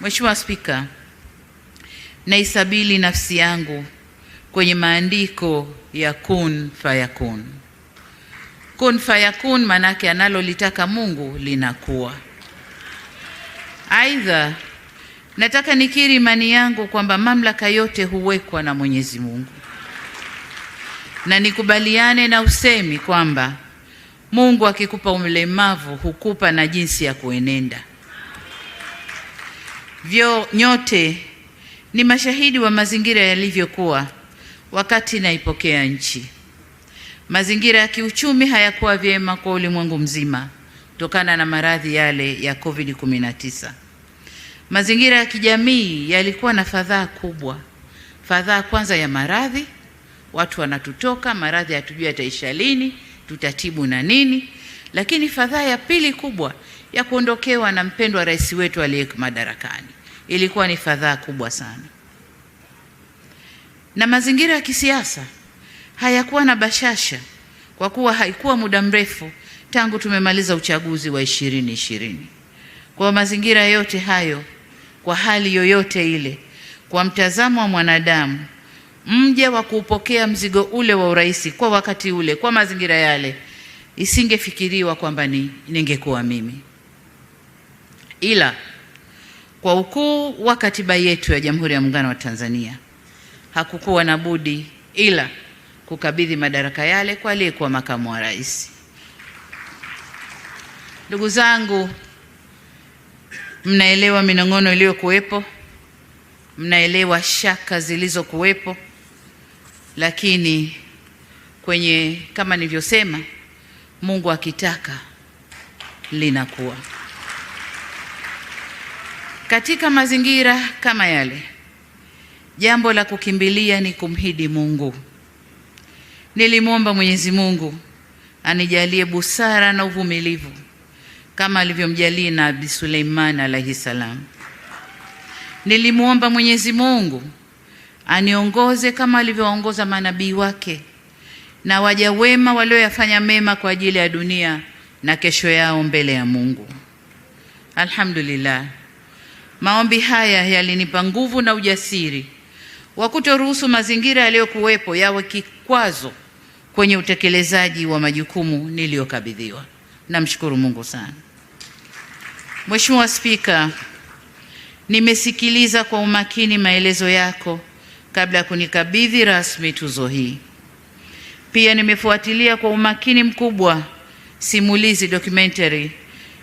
Mheshimiwa Spika, naisabili nafsi yangu kwenye maandiko ya kun fayakun. Kun fayakun maanake analolitaka Mungu linakuwa. Aidha, nataka nikiri imani yangu kwamba mamlaka yote huwekwa na Mwenyezi Mungu, na nikubaliane na usemi kwamba Mungu akikupa ulemavu hukupa na jinsi ya kuenenda vyo nyote ni mashahidi wa mazingira yalivyokuwa wakati naipokea nchi. Mazingira ya kiuchumi hayakuwa vyema kwa ulimwengu mzima kutokana na maradhi yale ya COVID-19. Mazingira ya kijamii yalikuwa na fadhaa kubwa, fadhaa kwanza ya maradhi, watu wanatutoka maradhi, hatujui yataisha lini, tutatibu na nini, lakini fadhaa ya pili kubwa ya kuondokewa na mpendwa rais wetu aliye madarakani ilikuwa ni fadhaa kubwa sana, na mazingira ya kisiasa hayakuwa na bashasha, kwa kuwa haikuwa muda mrefu tangu tumemaliza uchaguzi wa ishirini ishirini. Kwa mazingira yote hayo, kwa hali yoyote ile, kwa mtazamo wa mwanadamu, mja wa kuupokea mzigo ule wa urais kwa wakati ule, kwa mazingira yale, isingefikiriwa kwamba ni ningekuwa mimi ila kwa ukuu wa katiba yetu ya Jamhuri ya Muungano wa Tanzania, hakukuwa na budi ila kukabidhi madaraka yale kwa aliyekuwa makamu wa rais. Ndugu zangu, mnaelewa minong'ono iliyokuwepo, mnaelewa shaka zilizokuwepo, lakini kwenye kama nilivyosema, Mungu akitaka linakuwa katika mazingira kama yale, jambo la kukimbilia ni kumhidi Mungu. Nilimwomba Mwenyezi Mungu anijalie busara na uvumilivu kama alivyomjalia Nabii Suleiman alaihi salam. Nilimwomba Mwenyezi Mungu aniongoze kama alivyowaongoza manabii wake na waja wema walioyafanya mema kwa ajili ya dunia na kesho yao mbele ya Mungu. Alhamdulillah. Maombi haya yalinipa nguvu na ujasiri wa kutoruhusu mazingira yaliyokuwepo yawe kikwazo kwenye utekelezaji wa majukumu niliyokabidhiwa. Namshukuru Mungu sana. Mheshimiwa Spika, nimesikiliza kwa umakini maelezo yako kabla ya kunikabidhi rasmi tuzo hii. Pia nimefuatilia kwa umakini mkubwa simulizi documentary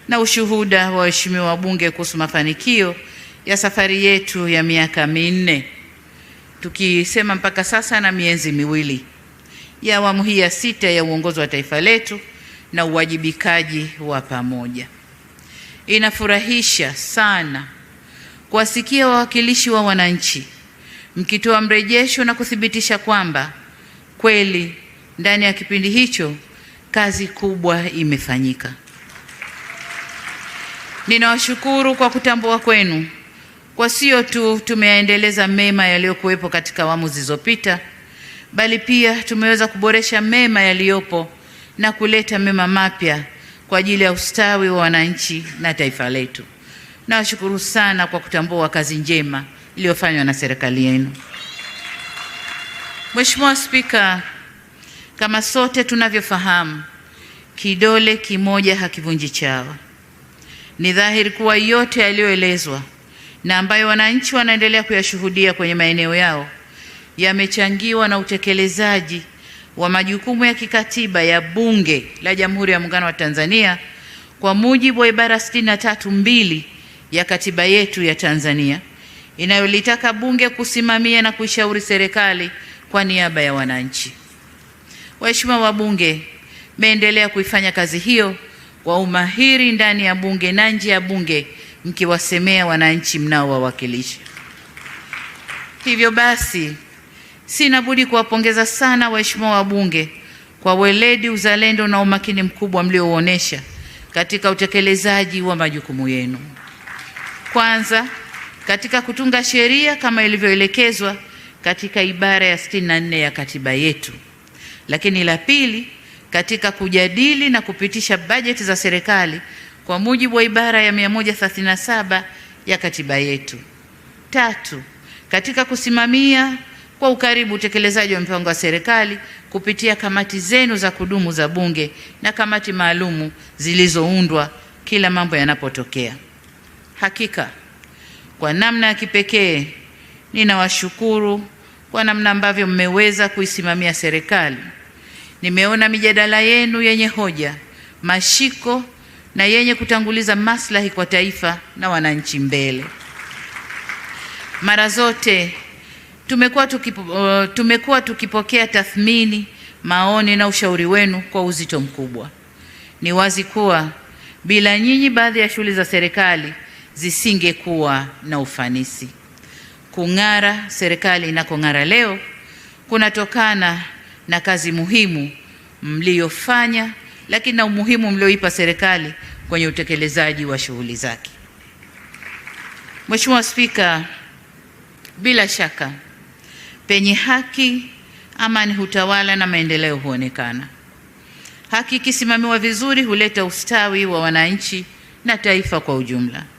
na ushuhuda wa waheshimiwa wabunge kuhusu mafanikio ya safari yetu ya miaka minne tukisema mpaka sasa na miezi miwili ya awamu hii ya sita ya uongozi wa taifa letu na uwajibikaji wa pamoja. Inafurahisha sana kuwasikia wawakilishi wa wananchi mkitoa mrejesho na kuthibitisha kwamba kweli ndani ya kipindi hicho kazi kubwa imefanyika. Ninawashukuru kwa kutambua kwenu kwa sio tu tumeyaendeleza mema yaliyokuwepo katika awamu zilizopita, bali pia tumeweza kuboresha mema yaliyopo na kuleta mema mapya kwa ajili ya ustawi wa wananchi na taifa letu. Nawashukuru sana kwa kutambua kazi njema iliyofanywa na serikali yenu. Mheshimiwa Spika, kama sote tunavyofahamu, kidole kimoja hakivunji chawa. Ni dhahiri kuwa yote yaliyoelezwa na ambayo wananchi wanaendelea kuyashuhudia kwenye maeneo yao yamechangiwa na utekelezaji wa majukumu ya kikatiba ya Bunge la Jamhuri ya Muungano wa Tanzania kwa mujibu wa ibara sitini na tatu mbili ya katiba yetu ya Tanzania inayolitaka bunge kusimamia na kuishauri serikali kwa niaba ya wananchi. Waheshimiwa wabunge, meendelea kuifanya kazi hiyo kwa umahiri ndani ya bunge na nje ya bunge mkiwasemea wananchi mnaowawakilisha. Hivyo basi, sina budi kuwapongeza sana waheshimiwa wabunge kwa weledi, uzalendo na umakini mkubwa mliouonesha katika utekelezaji wa majukumu yenu. Kwanza, katika kutunga sheria kama ilivyoelekezwa katika ibara ya 64 ya katiba yetu, lakini la pili, katika kujadili na kupitisha bajeti za serikali kwa mujibu wa ibara ya 137 ya katiba yetu. Tatu, katika kusimamia kwa ukaribu utekelezaji wa mpango wa serikali kupitia kamati zenu za kudumu za Bunge na kamati maalumu zilizoundwa kila mambo yanapotokea. Hakika kwa namna ya kipekee ninawashukuru kwa namna ambavyo mmeweza kuisimamia serikali. Nimeona mijadala yenu yenye hoja, mashiko na yenye kutanguliza maslahi kwa taifa na wananchi mbele. Mara zote tumekuwa tukipo, uh, tumekuwa tukipokea tathmini, maoni na ushauri wenu kwa uzito mkubwa. Ni wazi kuwa bila nyinyi baadhi ya shughuli za serikali zisingekuwa na ufanisi. Kung'ara serikali inakong'ara leo kunatokana na kazi muhimu mliyofanya lakini na umuhimu mlioipa serikali kwenye utekelezaji wa shughuli zake. Mheshimiwa Spika, bila shaka penye haki, amani hutawala na maendeleo huonekana. Haki ikisimamiwa vizuri huleta ustawi wa wananchi na taifa kwa ujumla.